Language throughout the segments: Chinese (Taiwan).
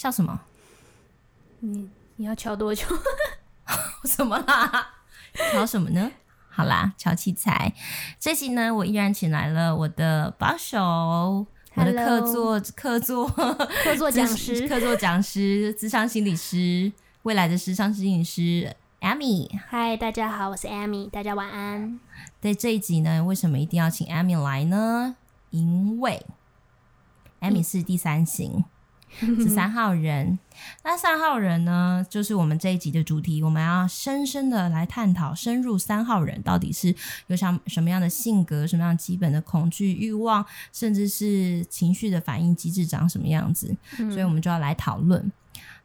笑什麼？你你要敲多久？怎 麼啦？敲什麼呢？好啦，敲器材。這集呢，我依然請來了我的幫手，Hello, 我的客座，客座，客座講師， 客座講師，諮商心理師，未來的時尚心理師 Amy。嗨，Hi, 大家好，我是 Amy，大家晚安。在這一集呢，為什麼一定要請 Amy 來呢？因為 Amy 是第三型。 是三號人，那三號人呢？就是我們這一集的主題，我們要深深的來探討，深入三號人到底是有想什麼樣的性格，什麼樣基本的恐懼、慾望，甚至是情緒的反應機制長什麼樣子？嗯，所以我們就要來討論。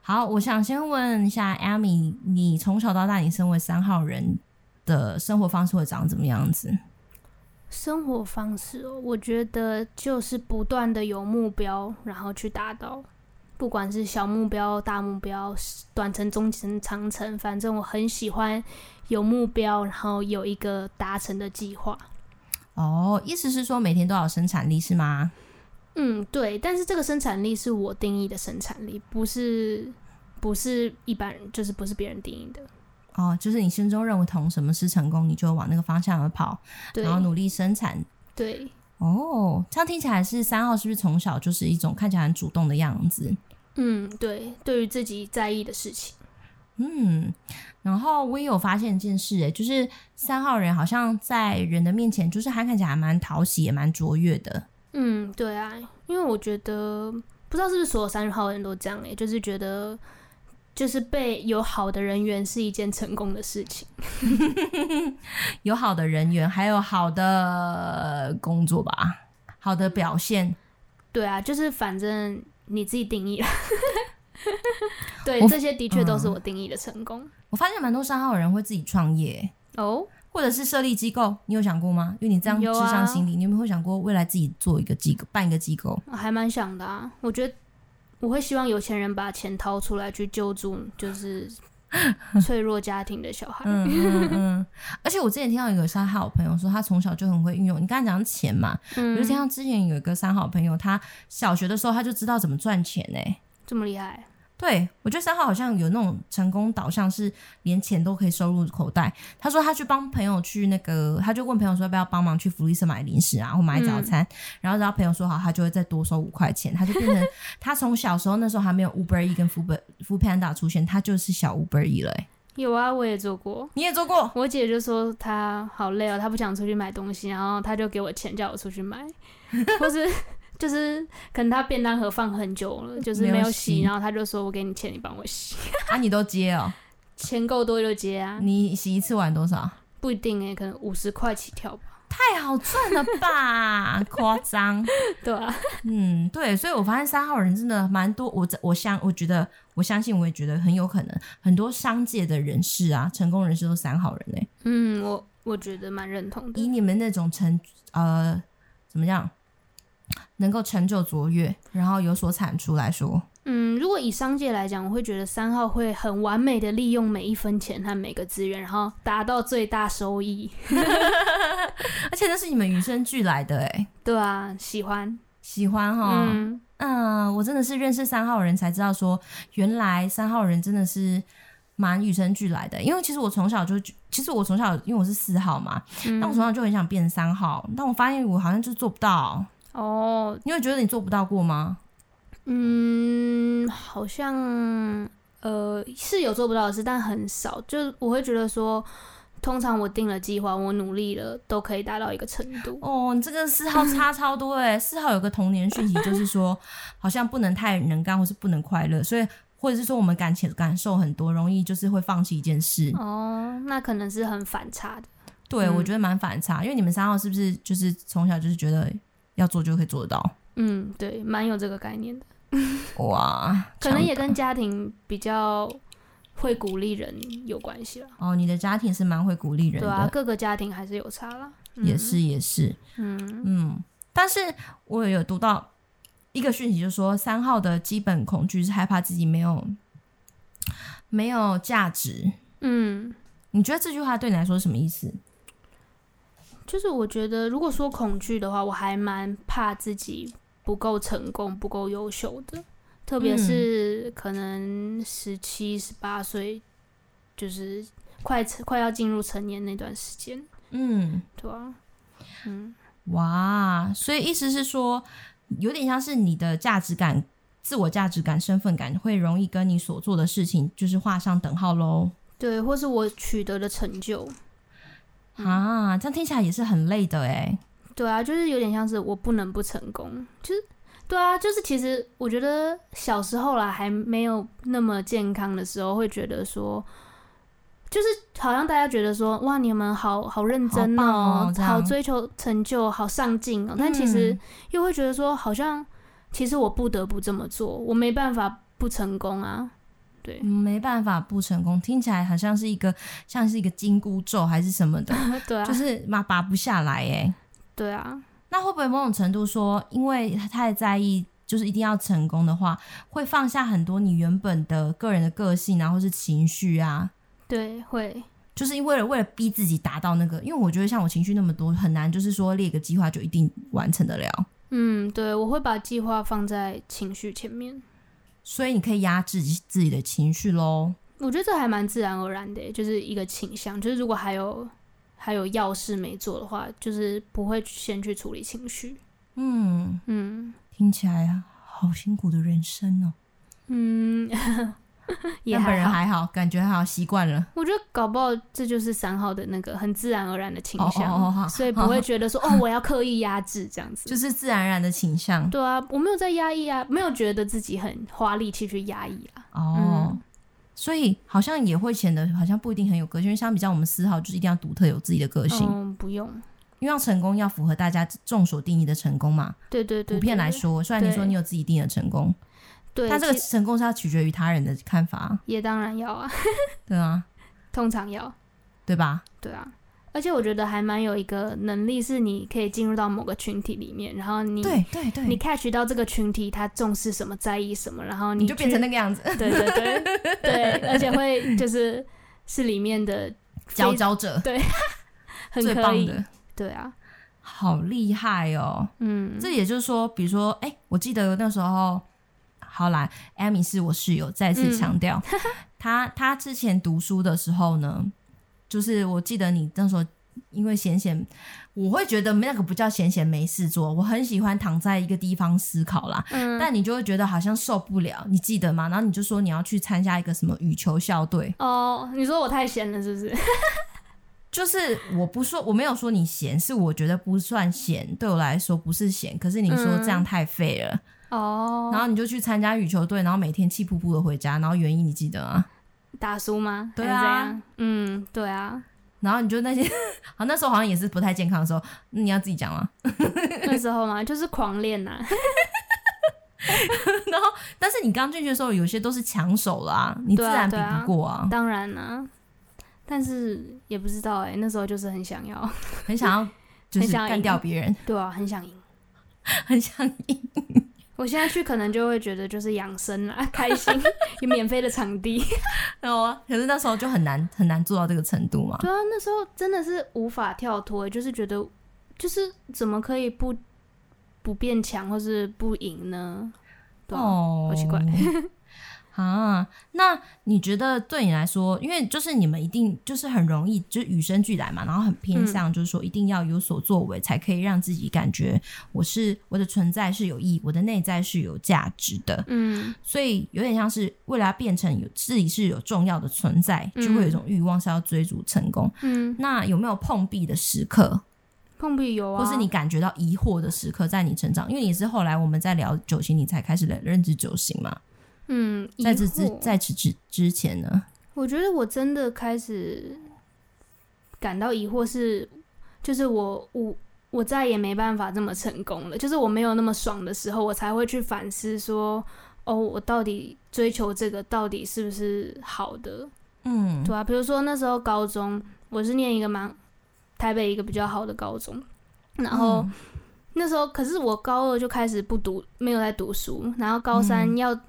好，我想先問一下 Amy，你從小到大，你身為三號人的生活方式會長怎麼樣子？生活方式哦，我覺得就是不斷的有目標，然後去達到。不管是小目標、大目標、短程、中程、長程，反正我很喜歡有目標，然後有一個達成的計劃。哦，意思是說每天都要有生產力是嗎？嗯，對。但是這個生產力是我定義的生產力，不是不是一般人，就是不是別人定義的。哦，就是你心中認同什麼是成功，你就往那個方向而跑，然後努力生產。對。哦，oh，這樣聽起來是三號，是不是從小就是一種看起來很主動的樣子？嗯，對，對於自己在意的事情，嗯，然後我也有發現一件事，欸，哎，就是三號人好像在人的面前，就是還看起來還蠻討喜，也蠻卓越的。嗯，對啊，因為我覺得不知道是不是所有三十號人都這樣，欸，哎，就是覺得。就是被有好的人緣是一件成功的事情， 有好的人緣，還有好的工作吧，好的表現，嗯。對啊，就是反正你自己定義了。 對，這些的確都是我定義的成功。嗯、我發現蠻多三號人會自己創業哦，oh？或者是設立機構。你有想過嗎？因為你這樣智商心理、啊，你有沒有想過未來自己做一個機構，辦一個機構？還蠻想的啊，我覺得。我會希望有錢人把錢掏出來去救助，就是脆弱家庭的小孩。 嗯嗯，嗯。而且我之前聽到一個三號朋友說，他從小就很會運用。你剛才講錢嘛，我就聽到之前有一個三號朋友，他小學的時候他就知道怎麼賺錢。欸，哎，這麼厲害。對，我覺得三號好像有那種成功導向，是連錢都可以收入口袋。他說他去幫朋友去那個，他就問朋友說要不要幫忙去福利社買零食啊，或買早餐。嗯、然後然後朋友說好，他就會再多收五塊錢。他就變成 他從小時候那時候還沒有 Uber E 跟 Foodpanda 出現，他就是小 Uber E 了、欸。有啊，我也做過，你也做過。我姐就說他好累哦，他不想出去買東西，然後他就給我錢叫我出去買， 或是。就是可能他便當盒放很久了，就是沒有洗，然後他就說：“我給你錢，你幫我洗。 ”啊，你都接哦、喔？錢夠多就接啊。你洗一次碗多少？不一定哎、欸，可能五十塊起跳吧。太好賺了吧？誇 張誇張？ 對啊。嗯，對，所以我發現三號人真的蠻多。我我相信，我覺得，我相信，我也覺得很有可能，很多商界的人士啊，成功人士都三號人呢、欸。嗯，我我覺得蠻認同的。以你們那種成呃怎麼樣？能夠成就卓越，然後有所產出來說，嗯，如果以商界來講，我會覺得三號會很完美的利用每一分錢和每個資源，然後達到最大收益。 而且那是你們與生俱來的哎、欸，對啊，喜歡喜歡哈、嗯，嗯，我真的是認識三號人才知道說，原來三號人真的是蠻與生俱來的。因為其實我從小就，其實我從小因為我是四號嘛，嗯、但我從小就很想變三號，但我發現我好像就做不到。哦、oh,，你會覺得你做不到過嗎？嗯，好像呃是有做不到的事，但很少。就是我會覺得說，通常我定了計劃，我努力了，都可以達到一個程度。哦，你這個四號差超多哎、欸！四 號有個童年訊息，就是說好像不能太能幹，或是不能快樂，所以或者是說我們感情感受很多，容易就是會放棄一件事。哦、oh,，那可能是很反差的。對，我覺得蠻反差、嗯，因為你們三號是不是就是從小就是覺得。要做就可以做得到，嗯，對，蠻有這個概念的。哇， 可能也跟家庭比較會鼓勵人有關係了。哦，你的家庭是蠻會鼓勵人的。對啊，各個家庭還是有差啦，嗯。也是，也是。嗯，嗯，但是我有讀到一個訊息就是，就說三號的基本恐懼是害怕自己沒有沒有價值。嗯，你覺得這句話對你來說是什麼意思？就是我覺得，如果說恐懼的話，我還蠻怕自己不夠成功，不夠優秀的，特別是可能十七、十八歲，就是快快要進入成年那段時間。嗯，對啊，嗯，哇，所以意思是說，有點像是你的價值感、自我價值感、身份感會容易跟你所做的事情就是畫上等號嘍。對，或是我取得的成就。嗯、啊，這樣聽起來也是很累的哎、欸。對啊，就是有點像是我不能不成功，就是對啊，就是其實我覺得小時候啦，還沒有那麼健康的時候，會覺得說，就是好像大家覺得說哇，你們好好認真哦、喔喔，好追求成就，好上進喔，嗯，但其實又會覺得說，好像其實我不得不這麼做，我沒辦法不成功啊。對，沒辦法不成功，聽起來好像是一個像是一個金箍咒還是什麼的，對啊，就是嘛拔不下來欸。對啊，那會不會某種程度說，因為太在意，就是一定要成功的話，會放下很多你原本的個人的個性啊，或者是情緒啊？對，會，就是因為了為了逼自己達到那個，因為我覺得像我情緒那麼多，很難就是說列個計劃就一定完成得了。嗯，對，我會把計劃放在情緒前面。所以你可以壓制自己的情緒嘍。我覺得這還蠻自然而然的，就是一個傾向。就是如果還有還有要事沒做的話，就是不會先去處理情緒。嗯嗯，聽起來啊，好辛苦的人生哦、啊。嗯。 也 本人還好， 也還好，感覺還好習慣了。我覺得搞不好這就是三號的那個很自然而然的傾向， 所以不會覺得說 哦，我要刻意壓制這樣子，就是自然而然的傾向。對啊，我沒有在壓抑啊，沒有覺得自己很花力氣去壓抑啊。哦，嗯、所以好像也會顯得好像不一定很有個性。因為相比較我們四號就是一定要獨特，有自己的個性、嗯，不用，因為要成功要符合大家眾所定義的成功嘛。對對對，對，對對對，普遍來說，雖然你說你有自己定義的成功。對對對對對對對對，他這個成功是要取決於他人的看法，也當然要啊。 對啊，通常要，對吧？對啊，而且我覺得還蠻有一個能力是，你可以進入到某個群體裡面，然後你對對對，你 catch 到這個群體他重視什麼，在意什麼，然後你就,你就變成那個樣子。對,對,對, 對，而且會就是是裡面的佼佼者，對， 很可以棒的，對啊，好厲害哦。嗯，這也就是說，比如說，哎、欸，我記得那時候。好啦，Amy 是我室友。再次強調，嗯、 他他之前讀書的時候呢，就是我記得你那時候因為閒閒，我會覺得那個不叫閒閒沒事做。我很喜歡躺在一個地方思考啦，、嗯，但你就會覺得好像受不了。你記得嗎？然後你就說你要去參加一個什麼羽球校隊。哦，你說我太閒了，是不是？ 就是我不說，我沒有說你閒，是我覺得不算閒，對我來說不是閒。可是你說這樣太廢了。嗯哦、oh.，然後你就去參加羽球隊，然後每天氣噗噗的回家，然後原因你記得啊？打輸嗎？對啊，嗯，對啊。然後你就那些，好、啊、那時候好像也是不太健康的時候，你要自己講嗎？那時候嘛，就是狂練吶、啊。 然後，但是你剛進去的時候，有些都是強手啦、啊，你自然比不過啊。啊啊當然啦、啊，但是也不知道哎、欸，那時候就是很想要，很想要，很想要，就是幹掉別人，對啊，很想贏，很想贏。我現在去可能就會覺得就是養生啊，開心，有 免費的場地，然後 啊、哦。可是那時候就很難很難做到這個程度嘛。對啊，那時候真的是無法跳脫，就是覺得就是怎麼可以不不變強或是不贏呢？哦，oh. 好奇怪。 啊，那你覺得對你來說，因為就是你們一定就是很容易，就是與生俱來嘛，然後很偏向，就是說一定要有所作為，才可以讓自己感覺我是，我的存在是有意義，我的內在是有價值的。嗯，所以有點像是為了要變成有自己是有重要的存在，就會有一種欲望是要追逐成功。嗯，那有沒有碰壁的時刻？碰壁有啊，或是你感覺到疑惑的時刻，在你成長，因為你是後來我們在聊九型，你才開始認知九型嘛。嗯，在此之在此之之前呢，我覺得我真的開始感到疑惑是，是就是我我我再也沒辦法這麼成功了，就是我沒有那麼爽的時候，我才會去反思說，哦，我到底追求這個到底是不是好的？嗯，對啊，比如說那時候高中，我是念一個蠻台北一個比較好的高中，然後、嗯、那時候可是我高二就開始不讀，沒有在讀書，然後高三要。嗯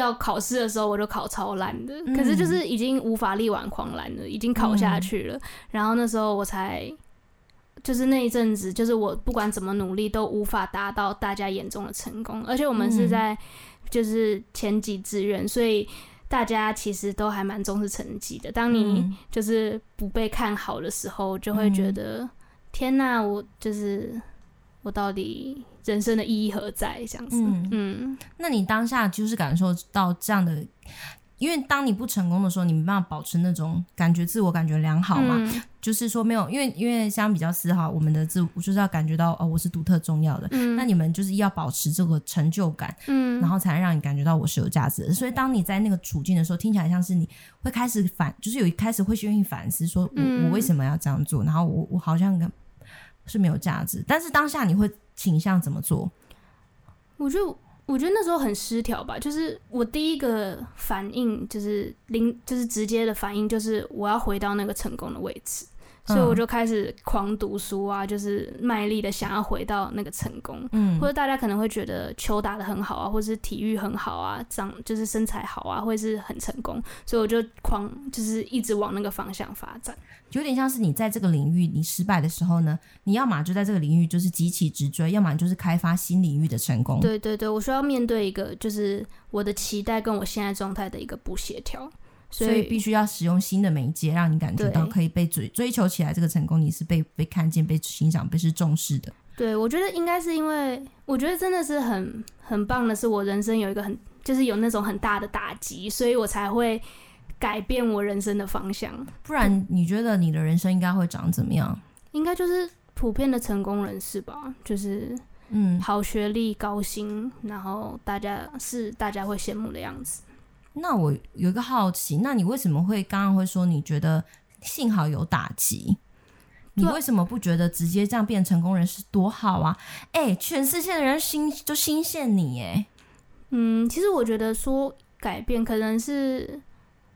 要考試的時候，我就考超爛的，可是就是已經無法力挽狂瀾了，嗯，已經考下去了、嗯。然後那時候我才，就是那一陣子，就是我不管怎麼努力都無法達到大家眼中的成功。而且我們是在就是前幾志願，所以大家其實都還蠻重視成績的。當你就是不被看好的時候，就會覺得、嗯、天哪，我就是我到底。人生的意義何在？這樣子。嗯，嗯，那你當下就是感受到這樣的，因為當你不成功的時候，你沒辦法保持那種感覺，自我感覺良好嘛、嗯。就是說沒有，因為因為相比較絲哈，我們的自我就是要感覺到哦，我是獨特重要的、嗯。那你們就是要保持這個成就感，嗯，然後才能讓你感覺到我是有價值的。所以當你在那個處境的時候，聽起來像是你會開始反，就是有一開始會願意反思，說我、嗯、我為什麼要這樣做？然後我我好像是沒有價值，但是當下你會。傾向怎麼做？我就，我覺得那時候很失調吧。就是我第一個反應就是零，就是直接的反應就是我要回到那個成功的位置。嗯、所以我就開始狂讀書啊，就是賣力的想要回到那個成功。嗯，或者大家可能會覺得球打得很好啊，或者是體育很好啊，長就是身材好啊，或是很成功。所以我就狂，就是一直往那個方向發展。有點像是你在這個領域你失敗的時候呢，你要嘛就在這個領域就是急起直追，要麼就是開發新領域的成功。對對對，我需要面對一個就是我的期待跟我現在狀態的一個不協調。所以必須要使用新的媒介，讓你感覺到可以被追追求起來。這個成功，你是被被看見、被欣賞、被是重視的。對，我覺得應該是因為，我覺得真的是很很棒的，是我人生有一個很就是有那種很大的打擊，所以我才會改變我人生的方向。不然，你覺得你的人生應該會長怎麼樣？嗯，應該就是普遍的成功人士吧，就是嗯，好學歷、高薪，然後大家是大家會羨慕的樣子。那我有一個好奇，那你為什麼會剛剛會說你覺得幸好有打擊？你為什麼不覺得直接這樣變成功人士多好啊？哎、欸，全世界的人心就欣羨你誒，嗯，其實我覺得說改變，可能是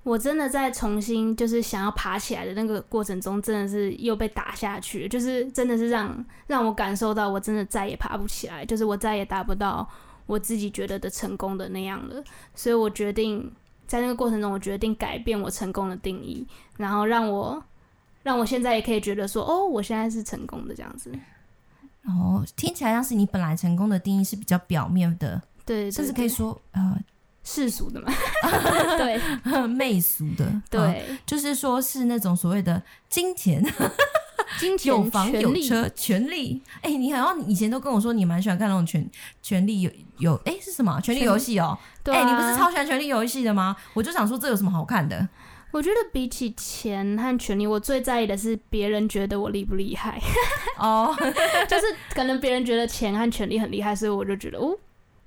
我真的在重新就是想要爬起來的那個過程中，真的是又被打下去，就是真的是讓讓我感受到我真的再也爬不起來，就是我再也達不到，我自己覺得的成功的那樣了，所以我決定在那個過程中，我決定改變我成功的定義，然後讓我讓我現在也可以覺得說，哦，我現在是成功的這樣子。哦，聽起來像是你本來成功的定義是比較表面的，對，對、對，甚至可以說呃世俗的嘛， 對，媚俗的、呃，對，就是說是那種所謂的金錢。有房有車，權力。哎、欸，你好像以前都跟我說你蠻喜歡看那種權權力有有，哎、欸，是什麼、啊？權力遊戲哦。哎、啊欸，你不是超喜歡權力遊戲的嗎？我就想說這有什麼好看的？我覺得比起錢和權力，我最在意的是別人覺得我厲不厲害。哦、oh. 就是可能別人覺得錢和權力很厲害，所以我就覺得哦。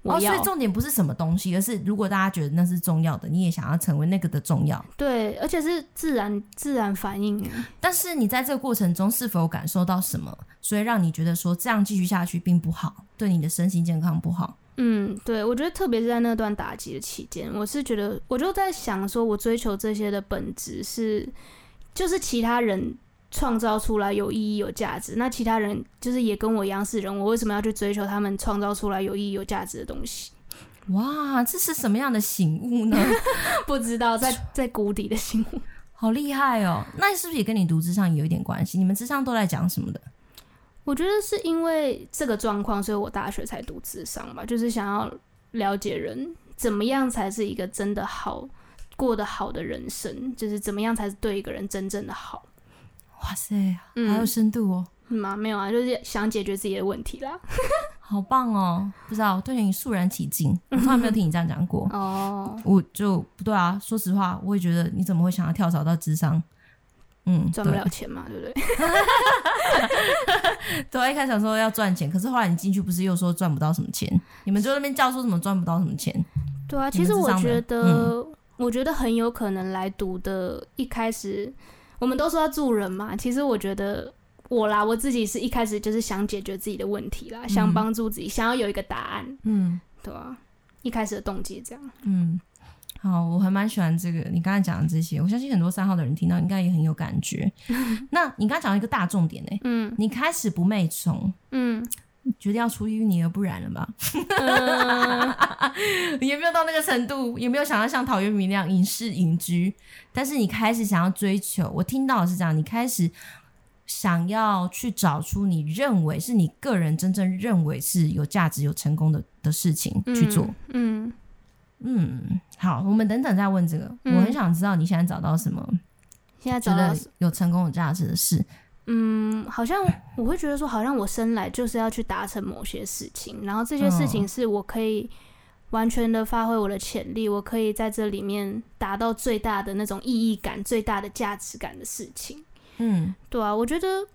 哦，所以重點不是什麼東西，而是如果大家覺得那是重要的，你也想要成為那個的重要。對，而且是自然自然反應。但是你在這個過程中是否有感受到什麼？所以讓你覺得說這樣繼續下去並不好，對你的身心健康不好。嗯，對，我覺得特別是在那段打擊的期間，我是覺得我就在想說，我追求這些的本質是，就是其他人。創造出來有意義、有價值，那其他人就是也跟我一樣是人，我為什麼要去追求他們創造出來有意義、有價值的東西？哇，這是什麼樣的醒悟呢？ 不知道，在在谷底的醒悟，好厲害哦！那是不是也跟你讀諮商有一點關係？你們諮商都在講什麼的？我覺得是因為這個狀況，所以我大學才讀諮商嘛，就是想要了解人怎麼樣才是一個真的好過得好的人生，就是怎麼樣才是對一個人真正的好。哇塞、嗯，還有深度哦、喔！嗯，啊，沒有啊？就是想解決自己的問題啦， 好棒哦、喔！不知道、啊，對你肅然起敬，從來沒有聽你這樣講過哦、嗯。我就不對啊，說實話，我也覺得你怎麼會想要跳槽到諮商？嗯，賺不了錢嘛，對不對？ 對，一開始想說要賺錢，可是後來你進去不是又說賺不到什麼錢？你們就在那邊教書怎麼賺不到什麼錢？對啊，其實我覺得、嗯，我覺得很有可能來讀的一開始。我們都說要助人嘛，其實我覺得我啦，我自己是一開始就是想解決自己的問題啦，嗯、想幫助自己，想要有一個答案，嗯，對吧、啊？一開始的動機這樣，嗯，好，我還蠻喜歡這個你剛才講的這些，我相信很多三號的人聽到應該也很有感覺。 那你剛才講一個大重點呢、欸？嗯，你開始不媚從，嗯。決定要出淤泥而不染了、uh... 你有沒有到那個程度？有沒有想要像陶淵明那樣隱世隱居？但是你開始想要追求，我聽到的是這樣，你開始想要去找出你認為是你個人真正認為是有價值、有成功的的事情去做。嗯嗯，嗯，好，我們等等再問這個、嗯。我很想知道你現在找到什麼，現在找到有成功、有價值的事？嗯，好像我會覺得說，好像我生來就是要去達成某些事情，然後這些事情是我可以完全的發揮我的潛力，嗯，我可以在這裡面達到最大的那種意義感，最大的價值感的事情。嗯，對啊，我覺得，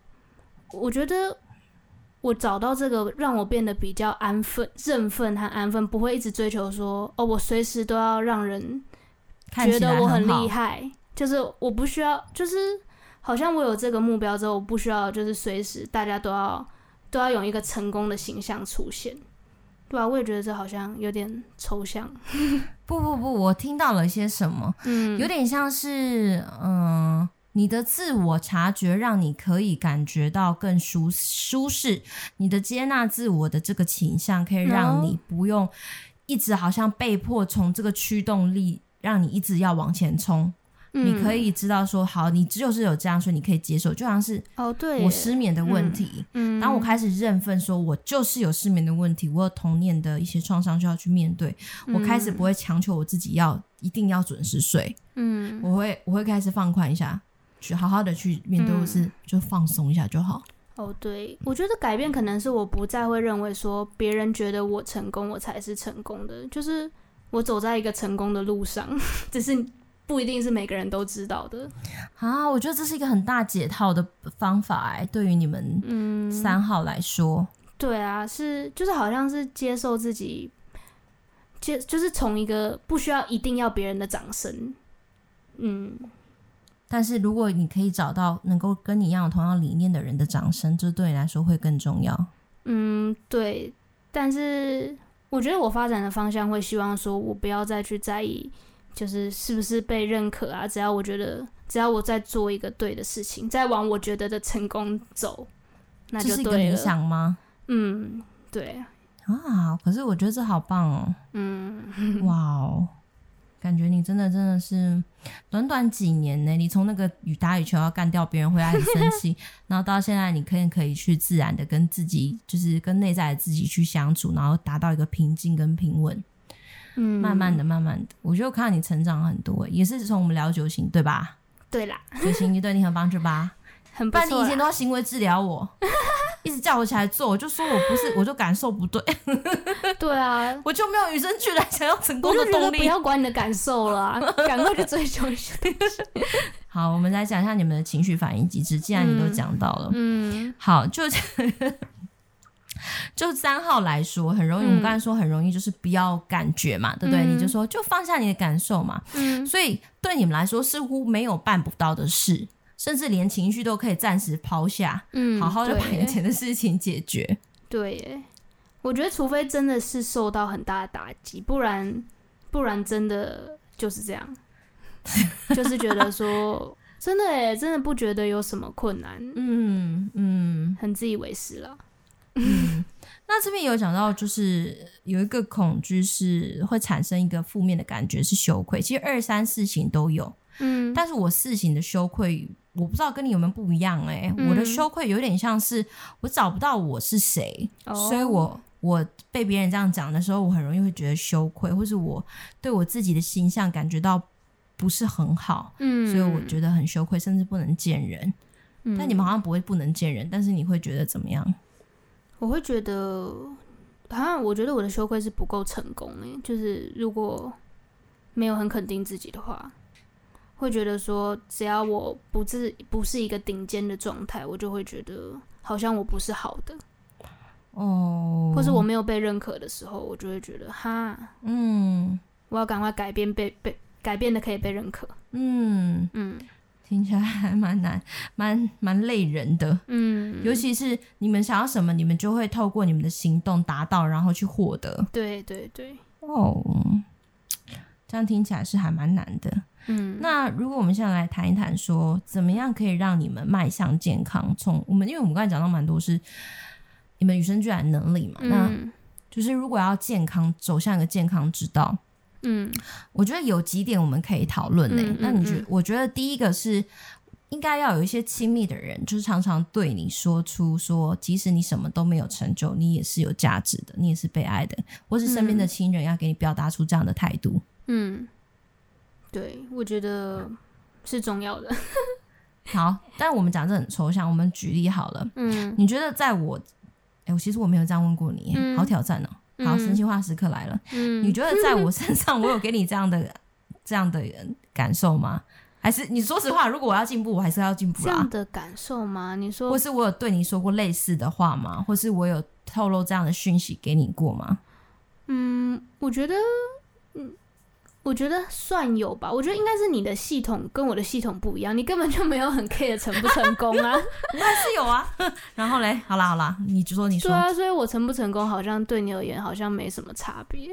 我覺得我找到這個讓我變得比較安分、振奮和安分，不會一直追求說，哦，我隨時都要讓人覺得我很厲害很，就是我不需要，就是。好像我有這個目標之後，我不需要就是隨時大家都要都要有一個成功的形象出現，對啊，我也覺得這好像有點抽象。不不不，我聽到了一些什麼？嗯，有點像是嗯，你的自我察覺讓你可以感覺到更舒舒適，你的接納自我的這個傾向可以讓你不用一直好像被迫從這個驅動力讓你一直要往前衝。嗯、你可以知道說，好，你只有是有這樣說，你可以接受。就好像是哦，對我失眠的問題，哦嗯，嗯，當我開始認分，說我就是有失眠的問題，我有童年的一些創傷需要去面對，嗯，我開始不會強求我自己要一定要準時睡，嗯，我會我會開始放寬一下，去好好的去面對，我、嗯、是就放鬆一下就好。哦，對，我覺得改變可能是我不再會認為說別人覺得我成功，我才是成功的，就是我走在一個成功的路上，只是。不一定是每個人都知道的啊！我覺得這是一個很大解套的方法哎，欸，對於你們嗯三號來說，嗯，對啊，是就是好像是接受自己，接就是從一個不需要一定要別人的掌聲，嗯，但是如果你可以找到能夠跟你一樣有同樣理念的人的掌聲，就對你來說會更重要。嗯，對，但是我覺得我發展的方向會希望說我不要再去在意。就是是不是被認可啊？只要我覺得，只要我在做一個對的事情，再往我覺得的成功走，那就對了。這是個理想嗎？嗯，對啊。啊，可是我覺得這好棒哦、喔。嗯，哇哦，感覺你真的真的是短短幾年呢，你從那個打羽毛球要幹掉別人會愛生氣， 然後到現在你可以可以去自然的跟自己，就是跟內在的自己去相處，然後達到一個平靜跟平穩。嗯、慢慢的，慢慢的，我就看你成長很多，欸，也是從我們聊九型，對吧？對啦，九型，你對你很幫助吧？ 很，棒。你以前都要行為治療我， 一直叫我起來做，我就說我不是， 我就感受不對。 對啊，我就沒有與生俱來想要成功的動力。不要管你的感受了，啊，趕 快去追求。好，我們來講一下你們的情緒反應機制。既然你都講到了。嗯，嗯，好，就。 就三號來說，很容易。嗯、我們剛才說很容易，就是不要感覺嘛，嗯、對不對？你就說就放下你的感受嘛。嗯，所以對你們來說，似乎沒有辦不到的事，甚至連情緒都可以暫時拋下，嗯，好好的把眼前的事情解決。對，對耶，我覺得除非真的是受到很大的打擊，不然不然真的就是這樣， 就是覺得說真的，哎，真的不覺得有什麼困難，嗯嗯，很自以為是了。 嗯，那這邊有講到，就是有一個恐懼是會產生一個負面的感覺，是羞愧。其實二三四型都有，嗯，但是我四型的羞愧，我不知道跟你有沒有不一樣、欸。哎、嗯，我的羞愧有點像是我找不到我是誰、哦，所以我我被別人這樣講的時候，我很容易會覺得羞愧，或是我對我自己的形象感覺到不是很好，嗯，所以我覺得很羞愧，甚至不能見人。嗯、但你們好像不會不能見人，但是你會覺得怎麼樣？我會覺得，好像我覺得我的羞愧是不夠成功的、欸。就是如果沒有很肯定自己的話，會覺得說只要我不是不是一個頂尖的狀態，我就會覺得好像我不是好的，哦、oh.，或是我沒有被認可的時候，我就會覺得哈，嗯，mm. 我要趕快改變被，被被改變的可以被認可，嗯、mm. 嗯。聽起來還蠻難，蠻蠻累人的、嗯。尤其是你們想要什麼，你們就會透過你們的行動達到，然後去獲得。對對對。哦、oh,，這樣聽起來是還蠻難的。嗯，那如果我們現在來談一談，說怎麼樣可以讓你們邁向健康？從我們因為我們剛才講到蠻多是你們與生俱來的能力嘛、嗯，那就是如果要健康，走向一個健康之道。嗯，我覺得有幾點我們可以討論呢。那你覺得、嗯嗯？我覺得第一個是應該要有一些親密的人，就是常常對你說出說，即使你什麼都沒有成就，你也是有價值的，你也是被愛的，或是身邊的親人要給你表達出這樣的態度嗯。嗯，對，我覺得是重要的。 好，但我們講這很抽象，我們舉例好了。嗯，你覺得在我……哎、欸，我其實我沒有這樣問過你，嗯、好挑戰哦、喔。好，神奇化時刻來了。嗯、你覺得在我身上，我有給你這樣的、嗯、這樣的感受嗎？ 還是你說實話，如果我要進步，我還是要進步啦。這樣的感受嗎？你說，或是我有對你說過類似的話嗎？或是我有透露這樣的訊息給你過嗎？嗯，我覺得，嗯。我覺得算有吧，我覺得應該是你的系統跟我的系統不一樣，你根本就沒有很 care 成不成功啊。那還是有啊，然後嘞，好啦好啦，你就說你說啊，所以我成不成功好像對你而言好像沒什麼差別。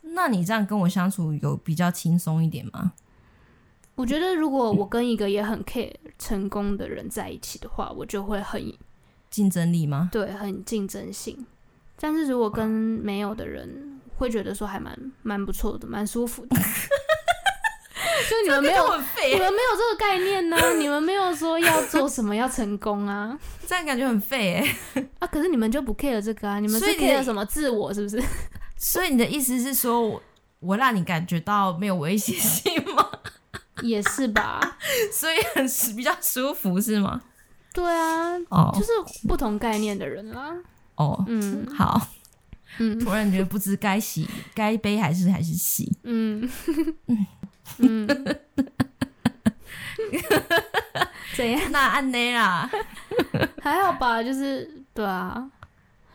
那你這樣跟我相處有比較輕鬆一點嗎？我覺得如果我跟一個也很 care 成功的人在一起的話，我就會很競爭力嗎？對，很競爭性。但是如果跟沒有的人。會覺得說還蠻蠻不錯的，蠻舒服的。 就你們沒有、這個、廢你們沒有這個概念呢、啊， 你們沒有說要做什麼要成功啊，這樣感覺很廢哎。啊，可是你們就不 care 這個啊，你們是 care 什麼自我是不是？所以，所以你的意思是說我，我讓你感覺到沒有威脅性嗎、嗯？也是吧， 所以很比較舒服是嗎？對啊，oh. 就是不同概念的人啦、啊。哦、oh.，嗯，oh. 好。嗯，突然覺得不知該喜，該 悲還是還是喜。嗯 嗯，哈 怎樣？那按呢啦，還好吧？就是對啊。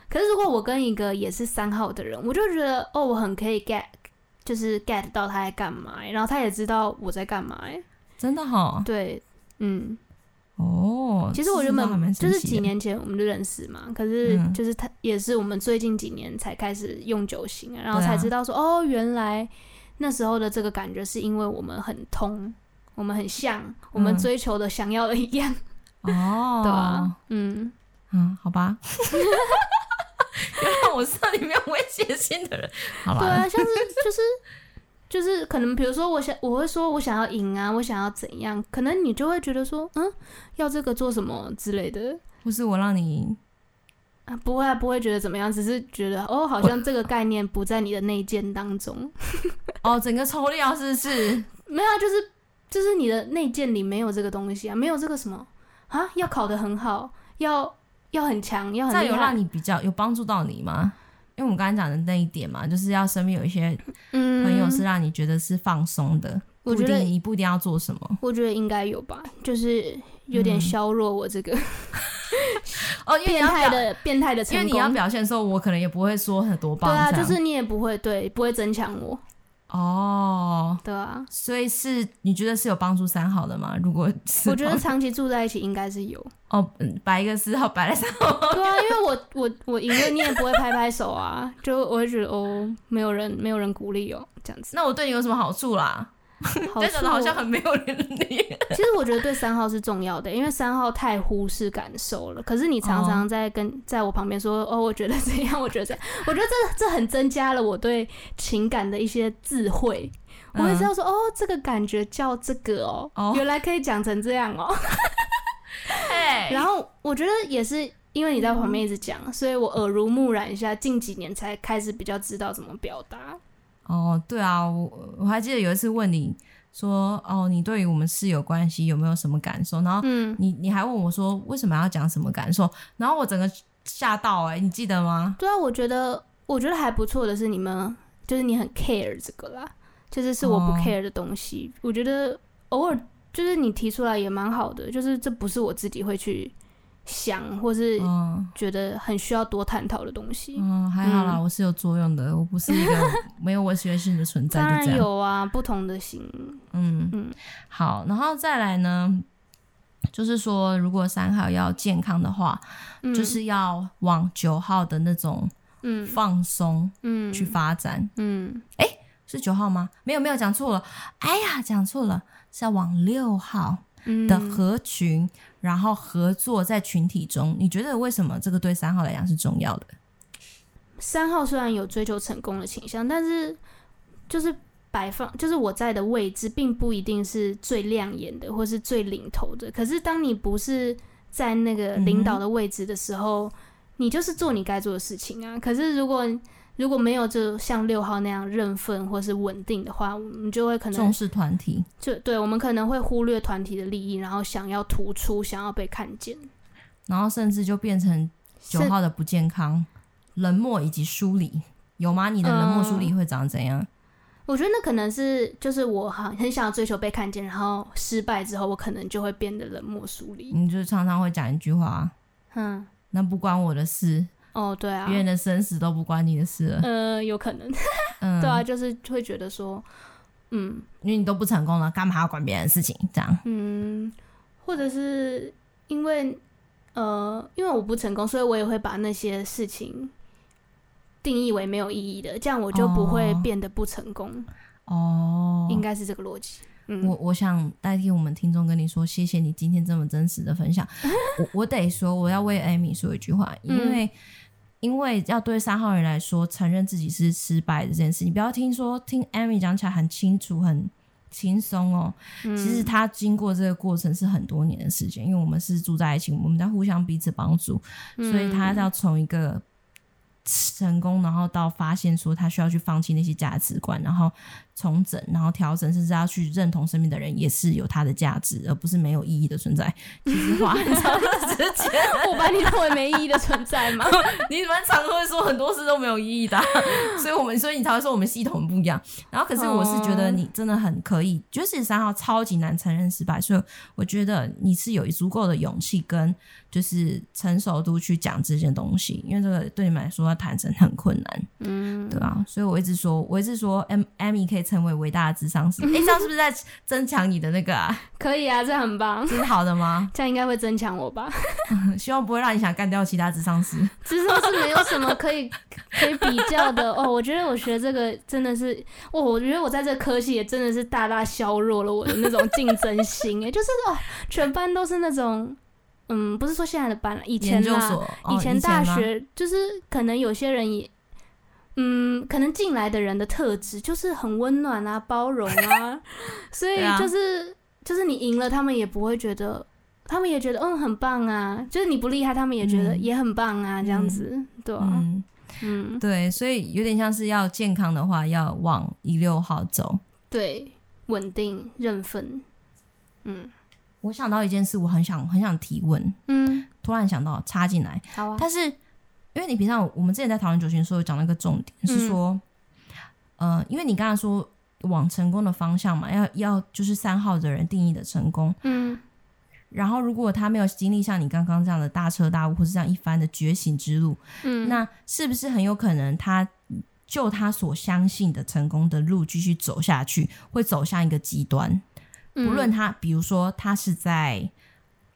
可是如果我跟一個也是三號的人，我就覺得哦，我很可以 get，就是 get 到他在幹嘛、欸，然後他也知道我在幹嘛、欸，真的哈、哦。對，嗯。哦，其實我原本就是幾年前我們就認識嘛，嗯、可是就是他也是我們最近幾年才開始用九型、啊，然後才知道說、啊、哦，原來那時候的這個感覺是因為我們很通，我們很像，我們追求的、想要的一樣。哦、嗯， 對啊，嗯嗯，好吧，原 來 我是你沒有危險性的人，好吧，對啊，像是就是。就是可能，比如說，我想，我會說，我想要贏啊，我想要怎樣？可能你就會覺得說，嗯，要這個做什麼之類的？不是我讓你贏、啊，不會、啊、不會覺得怎麼樣，只是覺得哦，好像這個概念不在你的內建當中。 哦，整個抽掉是不是， 沒有、啊，就是就是你的內建裡沒有這個東西啊，沒有這個什麼啊？要考得很好，要要很強，要很，要很有，讓你比較有幫助到你嗎？因為我們剛剛講的那一點嘛，就是要身邊有一些朋友是讓你覺得是放鬆的。嗯，我覺得你不一定要做什麼。我覺得應該有吧，就是有點削弱我這個。嗯、 哦，因為你要變態的，變態的成功，因為你要表現的時候，我可能也不會說很多。對啊，就是你也不會對，不會增強我。哦、oh,，對啊，所以是你覺得是有幫助三號的嗎？如果是，我覺得長期住在一起應該是有。哦、oh,，嗯，白一個四號，白三號。 對啊，因為我我我贏了，你也不會拍拍手啊， 就我會覺得哦，沒有人沒有人鼓勵哦，這樣子。那我對你有什麼好處啦？這種好像很沒有能力。其實我覺得對三號是重要的、欸，因為三號太忽視感受了。可是你常常在跟在我旁邊說，哦，我覺得這樣，我覺得這，我覺得這，這很增加了我對情感的一些智慧。我會知道說，哦，這個感覺叫這個哦、喔，原來可以講成這樣哦、喔。然後我覺得也是因為你在旁邊一直講，所以我耳濡目染一下，近幾年才開始比較知道怎麼表達。哦，對啊，我我還記得有一次問你說，哦，你對於我們室友關係有沒有什麼感受？然後你、嗯、你還問我說，為什麼要講什麼感受？然後我整個嚇到哎、欸，你記得嗎？對啊，我覺得我覺得還不錯的是，你們就是你很 care 這個啦，就是是我不 care 的東西、哦，我覺得偶爾就是你提出來也蠻好的，就是這不是我自己會去。想或是覺得很需要多探討的東西，嗯，嗯，還好啦，我是有作用的，嗯、我不是一個沒有我學性的存在，當然有啊，不同的型，嗯，嗯好，然後再來呢，就是說，如果三號要健康的話，嗯、就是要往九號的那種，嗯，放鬆，嗯，去發展，嗯，哎、嗯嗯欸，是九號嗎？沒有沒有，講錯了，哎呀，講錯了，是要往六號。的合群，嗯，然後合作，在群體中，你覺得為什麼這個對三號來講是重要的？三號雖然有追求成功的傾向，但是就是擺放，就是我在的位置，並不一定是最亮眼的，或是最領頭的。可是當你不是在那個領導的位置的時候，嗯，你就是做你該做的事情啊。可是如果如果沒有就像六號那樣認份或是穩定的話，我們就會可能重視團體。就對我們可能會忽略團體的利益，然後想要突出，想要被看見，然後甚至就變成九號的不健康、冷漠以及疏離。有嗎？你的冷漠疏離會長怎樣？嗯，我覺得那可能是就是我很很想要追求被看見，然後失敗之後，我可能就會變得冷漠疏離。你就常常會講一句話，嗯，那不關我的事。哦、oh，對啊，別人的生死都不關你的事。呃嗯，有可能、 嗯。對啊，就是會覺得說，嗯，因為你都不成功了，幹嘛要管別人的事情，這樣。嗯，或者是因為呃，因為我不成功，所以我也會把那些事情定義為沒有意義的，這樣我就不會變得不成功。哦，應該是這個邏輯。嗯，我我想代替我們聽眾跟你說，謝謝你今天這麼真實的分享。 我我得說，我要為 Amy 說一句話，因為、嗯。因為要對三號人來說，承認自己是失敗的這件事，你不要聽說聽 Amy 講起來很清楚、很輕鬆哦。嗯。其實他經過這個過程是很多年的時間，因為我們是住在一起，我們在互相彼此幫助，所以他要從一個成功，然後到發現說他需要去放棄那些價值觀，然後。重整，然後調整，甚至要去認同身邊的人，也是有他的價值，而不是沒有意義的存在。其實花很長的時間， 我把你認為沒意義的存在嗎？ 你們常會說很多事都沒有意義的、啊，所以我們所以你才會說我們系統不一樣。然後，可是我是覺得你真的很可以，哦、就是三號超級難承認失敗，所以我覺得你是有足夠的勇氣跟就是成熟度去講這件東西，因為這個對你們來說要坦誠很困難，嗯，對啊，所以我一直說，我一直說，Amy 可以。成為偉大的諮商師，哎、欸， 這樣是不是在增強你的那個啊？可以啊，這很棒，這是好的嗎？ 這樣應該會增強我吧、嗯？希望不會讓你想幹掉其他諮商師。諮 商師，是沒有什麼可以可以比較的 哦。我覺得我學這個真的是，我、哦、我覺得我在這科系也真的是大大削弱了我的那種競爭心、欸。誒， 就是哦，全班都是那種，嗯，不是說現在的班了，以前啊、哦，以前大學以前就是可能有些人也。嗯，可能進來的人的特質就是很溫暖啊，包容啊， 所以就是、啊、就是你贏了，他們也不會覺得，他們也覺得嗯很棒啊，就是你不厲害，他們也覺得也很棒啊，嗯、這樣子，嗯、對吧、啊嗯。嗯，對，所以有點像是要健康的話，要往一六號走，對，穩定認分。嗯，我想到一件事，我很想很想提問，嗯，突然想到插進來，好啊，但是。因為你，平常我們之前在討論九型的時候，講那個重點、嗯、是說，呃，因為你剛才說往成功的方向嘛，要要就是三號的人定義的成功，嗯、然後如果他沒有經歷像你剛剛這樣的大徹大悟，或是這樣一番的覺醒之路，嗯、那是不是很有可能他就他所相信的成功，的路繼續走下去，會走向一個極端？嗯、不論他，比如說他是在。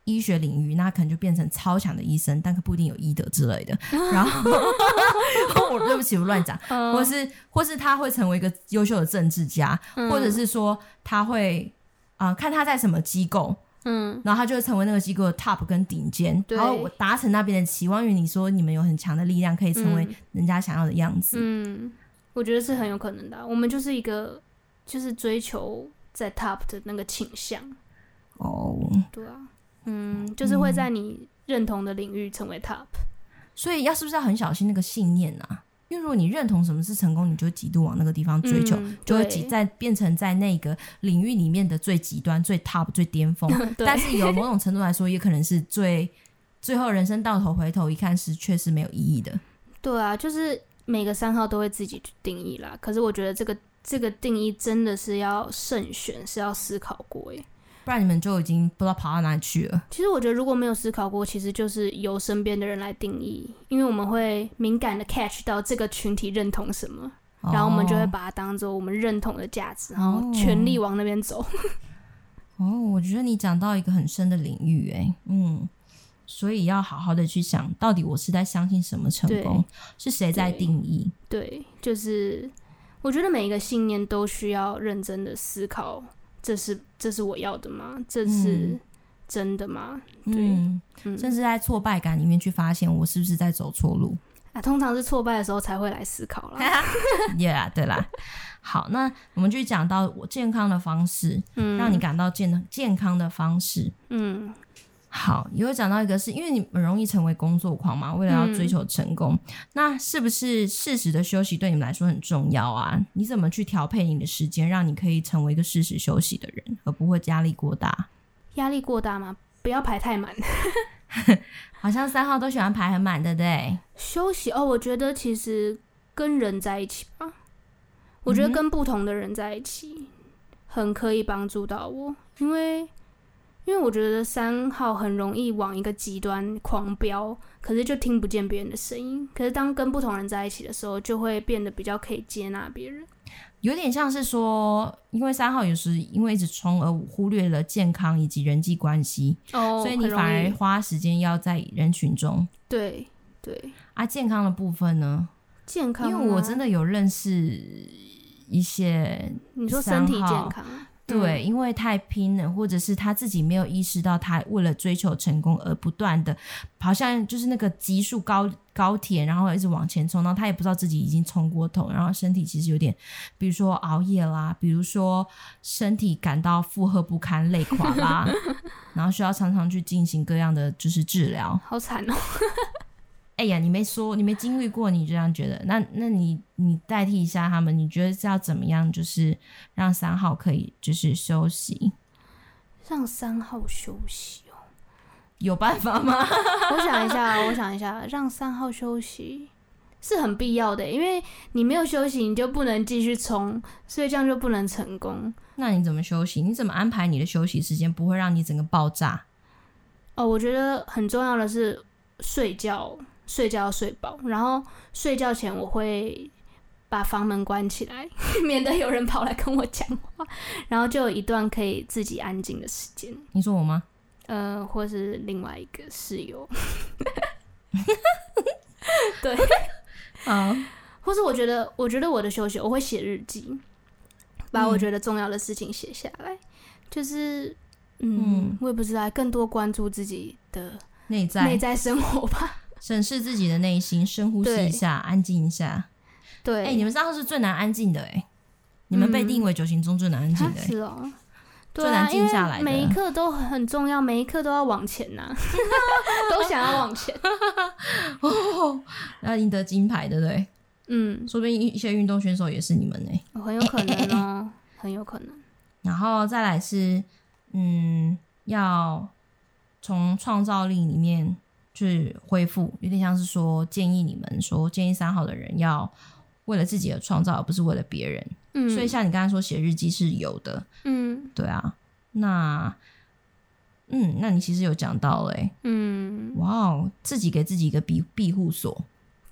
醫學領域，那可能就變成超強的醫生，但可不一定有醫德之類的。然後， 哦、我對不起，我亂講、呃。或是，或是他會成為一個優秀的政治家、嗯，或者是說他會啊、呃，看他在什麼機構，嗯，然後他就會成為那個機構的 top 跟頂尖，對，然後我達成那邊的期望。於你說你們有很強的力量，可以成為人家想要的樣子。嗯，嗯，我覺得是很有可能的、啊。我們就是一個，就是追求在 top 的那個傾向。哦，對啊。嗯，就是會在你認同的領域成為 top。嗯，所以要是不是要很小心那個信念啊？因為如果你認同什麼是成功，你就極度往那個地方追求，嗯，就會在變成在那個領域裡面的最極端、最 top、最、最巔峰。但是有某種程度來說，也可能是最最後人生到頭回頭一看是確實沒有意義的。對啊，就是每個三號都會自己去定義啦。可是我覺得這個這個定義真的是要慎選，是要思考過哎。不然你們就已經不知道跑到哪裡去了。其實我覺得，如果沒有思考過，其實就是由身邊的人來定義，因為我們會敏感的 catch 到這個群體認同什麼，哦、然後我們就會把它當做我們認同的價值，然後全力往那邊走。哦， 哦我覺得你講到一個很深的領域，哎，嗯，所以要好好的去想，到底我是在相信什麼成功，是誰在定義？對，對就是我覺得每一個信念都需要認真的思考。這是這是我要的嗎、嗯？這是真的嗎？對、嗯，甚至在挫敗感裡面去發現我是不是在走錯路啊？通常是挫敗的時候才會來思考了 。 Yeah，對啦。好，那我們就講到我健康的方式，嗯，讓你感到健健康的方式，嗯。好，有講到一個是，是因為你很容易成為工作狂嘛，為了要追求成功，嗯、那是不是適時的休息對你們來說很重要啊？你怎麼去調配你的時間，讓你可以成為一個適時休息的人，而不會壓力過大？壓力過大嗎？不要排太滿， 好像三號都喜歡排很滿，對不對？休息哦，我覺得其實跟人在一起吧，我覺得跟不同的人在一起很可以幫助到我，因為因為我覺得三號很容易往一個極端狂飆，可是就聽不見別人的聲音。可是當跟不同人在一起的時候，就會變得比較可以接納別人。有點像是說，因為三號有時因為一直衝而忽略了健康以及人際關係，哦，所以你反而花時間要在人群中。對對。啊，健康的部分呢？健康，因為我真的有認識一些。你說身體健康？對，因為太拼了，或者是他自己沒有意識到，他為了追求成功而不斷的，好像就是那個極速高高鐵，然後一直往前衝，然後他也不知道自己已經衝過頭，然後身體其實有點，比如說熬夜啦、啊，比如說身體感到負荷不堪、累垮啦、啊， 然後需要常常去進行各樣的就是治療，好慘哦。 哎呀，你沒說，你沒經歷過，你這樣覺得？那那你你代替一下他們，你覺得是要怎麼樣？就是讓三號可以就是休息，讓三號休息哦，有辦法嗎？ 我想一下，我想一下，讓三號休息是很必要的，因為你沒有休息，你就不能繼續衝，所以這樣就不能成功。那你怎麼休息？你怎麼安排你的休息時間，不會讓你整個爆炸？哦，我覺得很重要的是睡覺。睡覺睡飽，然後睡覺前我會把房門關起來，免得有人跑來跟我講話，然後就有一段可以自己安靜的時間。你說我嗎？呃，或是另外一個室友？ 對，啊、uh.，或是我覺得，我覺得我的休息，我會寫日記，把我覺得重要的事情寫下來，嗯、就是嗯，嗯，我也不知道，更多關注自己的內在、內在生活吧。審視自己的內心，深呼吸一下，安靜一下。對，哎、欸，你們三個是最難安靜的，哎、欸嗯，你們被定為九型中最難安靜的、欸，是哦、喔啊，最難靜下來的，每一刻都很重要，每一刻都要往前吶、啊， 都想要往前，哦、 啊，要贏得金牌，對不對？嗯，說不定一些運動選手也是你們呢、欸。很有可能哦， 很有可能。然後再來是，嗯，要從創造力裡面。去恢復，有點像是說，建議你們說建議三號的人要為了自己而創造，而不是為了別人。嗯，所以像你剛才說寫日記是有的，嗯，對啊。那，嗯，那你其實有講到嘞、欸。嗯，哇、wow,，自己給自己一個庇庇護所，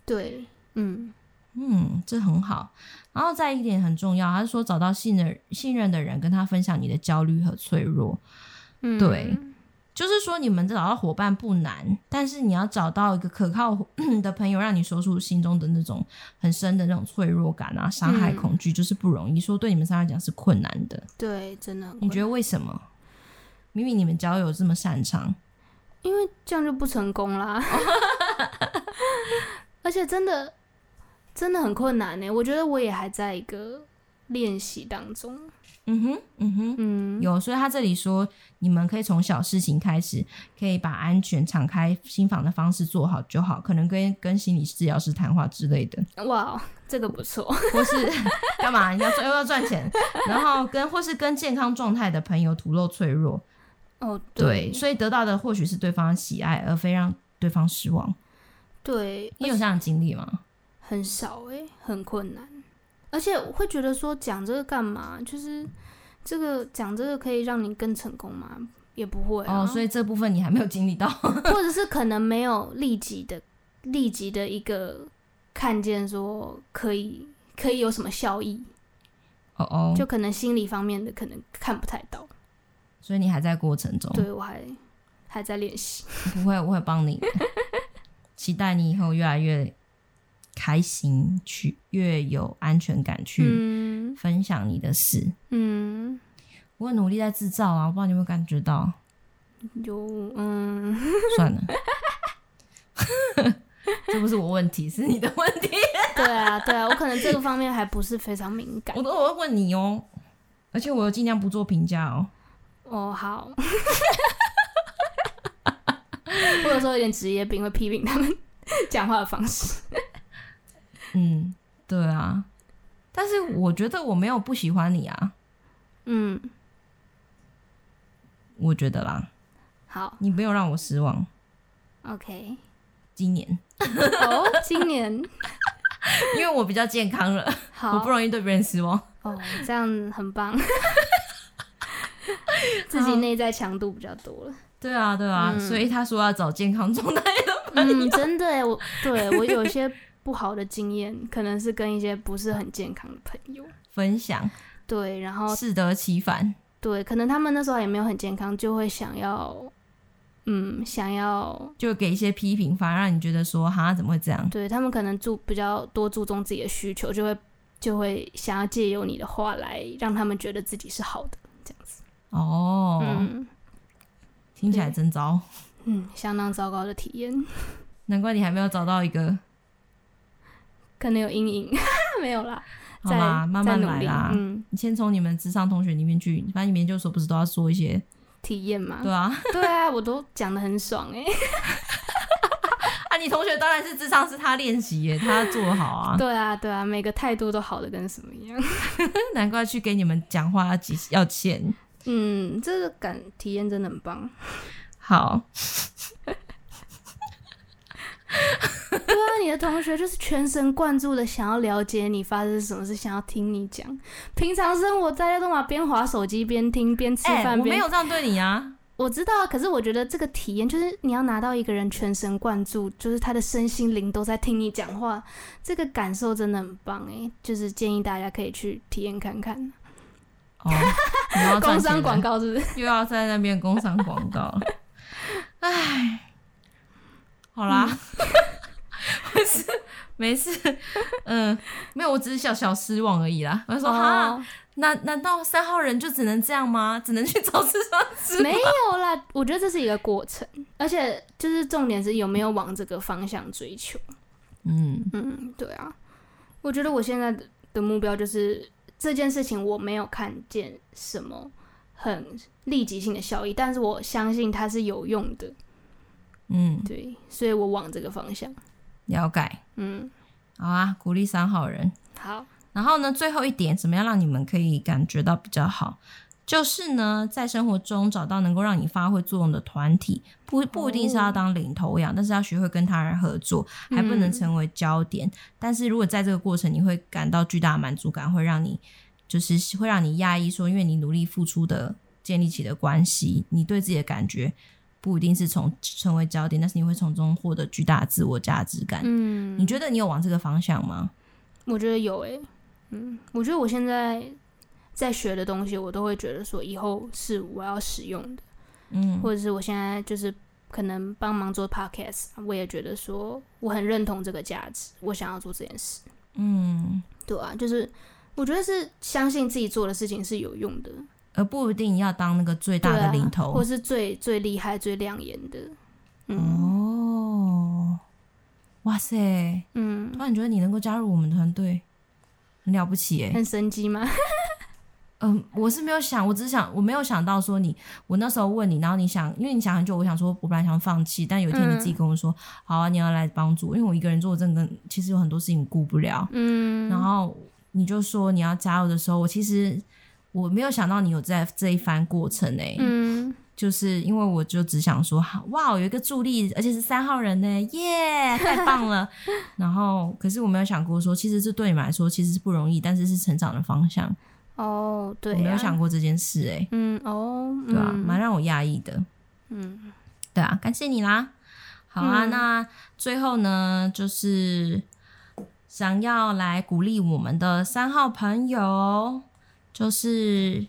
對，嗯嗯，這很好。然後再一點很重要，還是說找到信任信任的人，跟他分享你的焦慮和脆弱，嗯、對。就是說，你們找到夥伴不難，但是你要找到一個可靠的朋友，讓你說出心中的那種很深的那種脆弱感啊、傷害恐懼、嗯，就是不容易，說對你們三來講是困難的。對，真的。你覺得為什麼？明明你們交友這麼擅長？因為這樣就不成功啦。 而且真的真的很困難呢。我覺得我也還在一個練習當中，嗯哼，嗯哼，嗯，有，所以他這裡說，你們可以從小事情開始，可以把安全敞開心房的方式做好就好，可能跟跟心理治療師談話之類的。哇，這個不錯，或是幹 嘛？你要賺又 要賺錢，然後跟或是跟健康狀態的朋友吐露脆弱，哦對，對，所以得到的或許是對方的喜愛，而非讓對方失望。對，你有這樣經歷嗎？很少誒、欸，很困難。而且我會覺得說講這個幹嘛？就是這個講這個可以讓你更成功嗎？也不會、啊、哦，所以這部分你還沒有經歷到， 或者是可能沒有立即的、立即的一個看見，說可以可以有什麼效益？哦哦，就可能心理方面的可能看不太到，所以你還在過程中，對，我還還在練習，我不會，我會幫你， 期待你以後越來越開心去，越有安全感去分享你的事。嗯，嗯我很努力在製造啊，我不知道你有沒有感覺到？有，嗯。算了， 這不是我問題，是你的問題。 對啊，對啊，我可能這個方面還不是非常敏感。 我都，我會問你哦、喔，而且我盡量不做評價哦。哦，好。 我有時候有點職業病，會批評他們講話的方式。 嗯，對啊，但是我覺得我沒有不喜歡你啊，嗯，我覺得啦，好，你沒有讓我失望，OK，今年哦，今年， 因為我比較健康了，好，我不容易對別人失望，哦，這樣很棒， 自己內在強度比較多了，對啊，對啊，對、嗯、啊，所以他說要找健康狀態的朋友，嗯，真的，我對我有些。 不好的經驗可能是跟一些不是很健康的朋友分享，對，然後適得其反，對，可能他們那時候也沒有很健康，就會想要，嗯，想要就給一些批評，反而讓你覺得說，哈，怎麼會這樣？對，他們可能注比較多，注重自己的需求，就會就會想要借由你的話來讓他們覺得自己是好的，這樣子。哦，嗯，聽起來真糟，嗯，相當糟糕的體驗。難怪你還沒有找到一個。可能有陰影， 沒有啦。好吧，慢慢來啦。嗯，你先從你們諮商同學裡面去，反正你研究所不是都要說一些體驗嘛？對啊， 對啊，我都講得很爽哎、欸。 啊，你同學當然是諮商，是他練習耶，他做好啊。 對啊，對啊，每個態度都好的跟什麼一樣， 難怪去給你們講話要錢。要欠 嗯，這個感體驗真的很棒。 好。 因 啊，你的同學就是全神貫注的想要了解你發生什麼事，想要聽你講。平常生活大家都嘛邊滑手機邊聽邊吃飯。哎、欸，我沒有這樣對你啊、呃，我知道。可是我覺得這個體驗就是你要拿到一個人全神貫注，就是他的身心靈都在聽你講話，這個感受真的很棒哎。就是建議大家可以去體驗看看。哈、哦、哈， 工商廣告是不是又要在那邊工商廣告哎， 好啦。嗯 沒事，沒事，嗯，沒有，我只是小小失望而已啦。我就說哈，那、哦、難，難道三號人就只能這樣嗎？只能去找智商？沒有啦，我覺得這是一個過程，而且就是重點是有沒有往這個方向追求。嗯嗯，對啊，我覺得我現在的目標就是這件事情，我沒有看見什麼很立即性的效益，但是我相信它是有用的。嗯，對，所以我往這個方向。了解，嗯，好啊，鼓勵三號人，好。然後呢，最後一點，怎麼樣讓你們可以感覺到比較好？就是呢，在生活中找到能夠讓你發揮作用的團體，不不一定是要當領頭羊，哦，但是要學會跟他人合作，還不能成為焦點。嗯、但是如果在這個過程，你會感到巨大的滿足感，會讓你就是會讓你壓抑說，因為你努力付出的建立起的關係，你對自己的感覺。不一定是從成為焦點，但是你會從中獲得巨大的自我價值感。嗯，你覺得你有往這個方向嗎？我覺得有哎、欸，嗯，我覺得我現在在學的東西，我都會覺得說以後是我要使用的。嗯，或者是我現在就是可能幫忙做 podcast，我也覺得說我很認同這個價值，我想要做這件事。嗯，對啊，就是我覺得是相信自己做的事情是有用的。而不一定要當那個最大的領頭，啊、或是最最厲害、最亮眼的、嗯。哦，哇塞，嗯，突然覺得你能夠加入我們團隊，很了不起欸，很神奇嗎？ 嗯，我是沒有想，我只是想我沒有想到說你。我那時候問你，然後你想，因為你想很久，我想說，我本來想放棄，但有一天你自己跟我說，嗯、好啊，你要來幫助我，因為我一個人做這個，其實有很多事情顧不了。嗯，然後你就說你要加入的時候，我其實。我沒有想到你有在這一番過程誒、欸，嗯，就是因為我就只想說，哇，有一個助力，而且是三號人呢、欸，耶，太棒了。 然後，可是我沒有想過說，其實這對你們來說其實是不容易，但是是成長的方向。哦，對、啊，我沒有想過這件事誒、欸，嗯，哦，嗯、對啊，蠻讓我訝異的。嗯，對啊，感謝你啦。好啊、嗯，那最後呢，就是想要來鼓勵我們的三號朋友，就是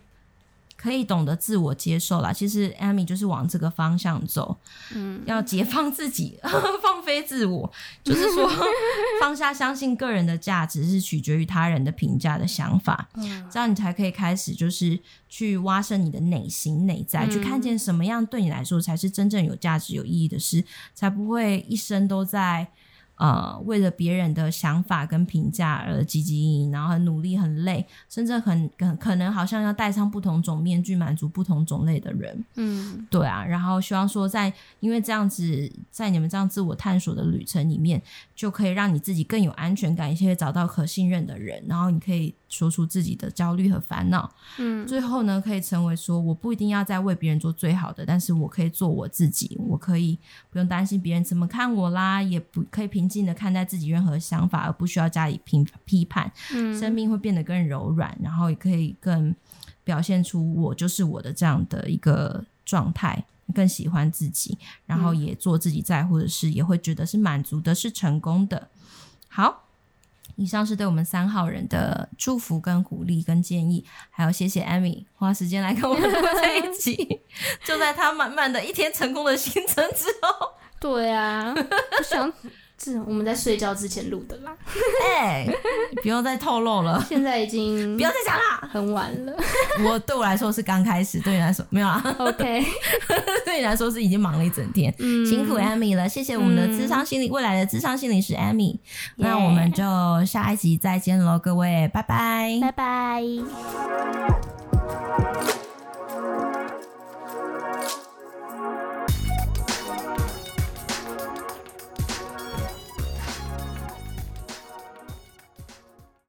可以懂得自我接受啦。其實 Amy 就是往這個方向走，嗯，要解放自己，放飛自我，就是說放下相信個人的價值是取決於他人的評價的想法， 這樣你才可以開始，就是去挖深你的內心內在、嗯，去看見什麼樣對你來說才是真正有價值、有意義的事，才不會一生都在。呃，為了別人的想法跟評價而汲汲營營，然後很努力、很累，甚至很很可能好像要戴上不同種面具，滿足不同種類的人。嗯，對啊。然後希望說在，在因為這樣子，在你們這樣自我探索的旅程裡面。就可以讓你自己更有安全感，一些找到可信任的人，然後你可以說出自己的焦慮和煩惱。嗯，最後呢，可以成為說我不一定要再為別人做最好的，但是我可以做我自己，我可以不用擔心別人怎麼看我啦，也不可以平靜的看待自己任何想法，而不需要加以批批判。嗯，生命會變得更柔軟，然後也可以更表現出我就是我的這樣的一個狀態。更喜歡自己，然後也做自己在乎的事，嗯、或者是也會覺得是滿足的，是成功的。好，以上是對我們三號人的祝福，跟鼓勵，跟建議，還有謝謝 Amy 花時間來跟我們坐在一起。 就在他滿滿的一天成功的行程之後，對啊。想。 是我們在睡覺之前錄的啦，哎、 欸，不用再透露了。現在已經不要再講啦，很晚了。 我對我來說是剛開始，對你來說沒有了，啊。OK， 對你來說是已經忙了一整天，嗯、辛苦 Amy 了，謝謝我們的諮商心理、嗯、未來的諮商心理師 Amy、yeah. 那我們就下一集再見嘍，各位，拜拜，拜拜。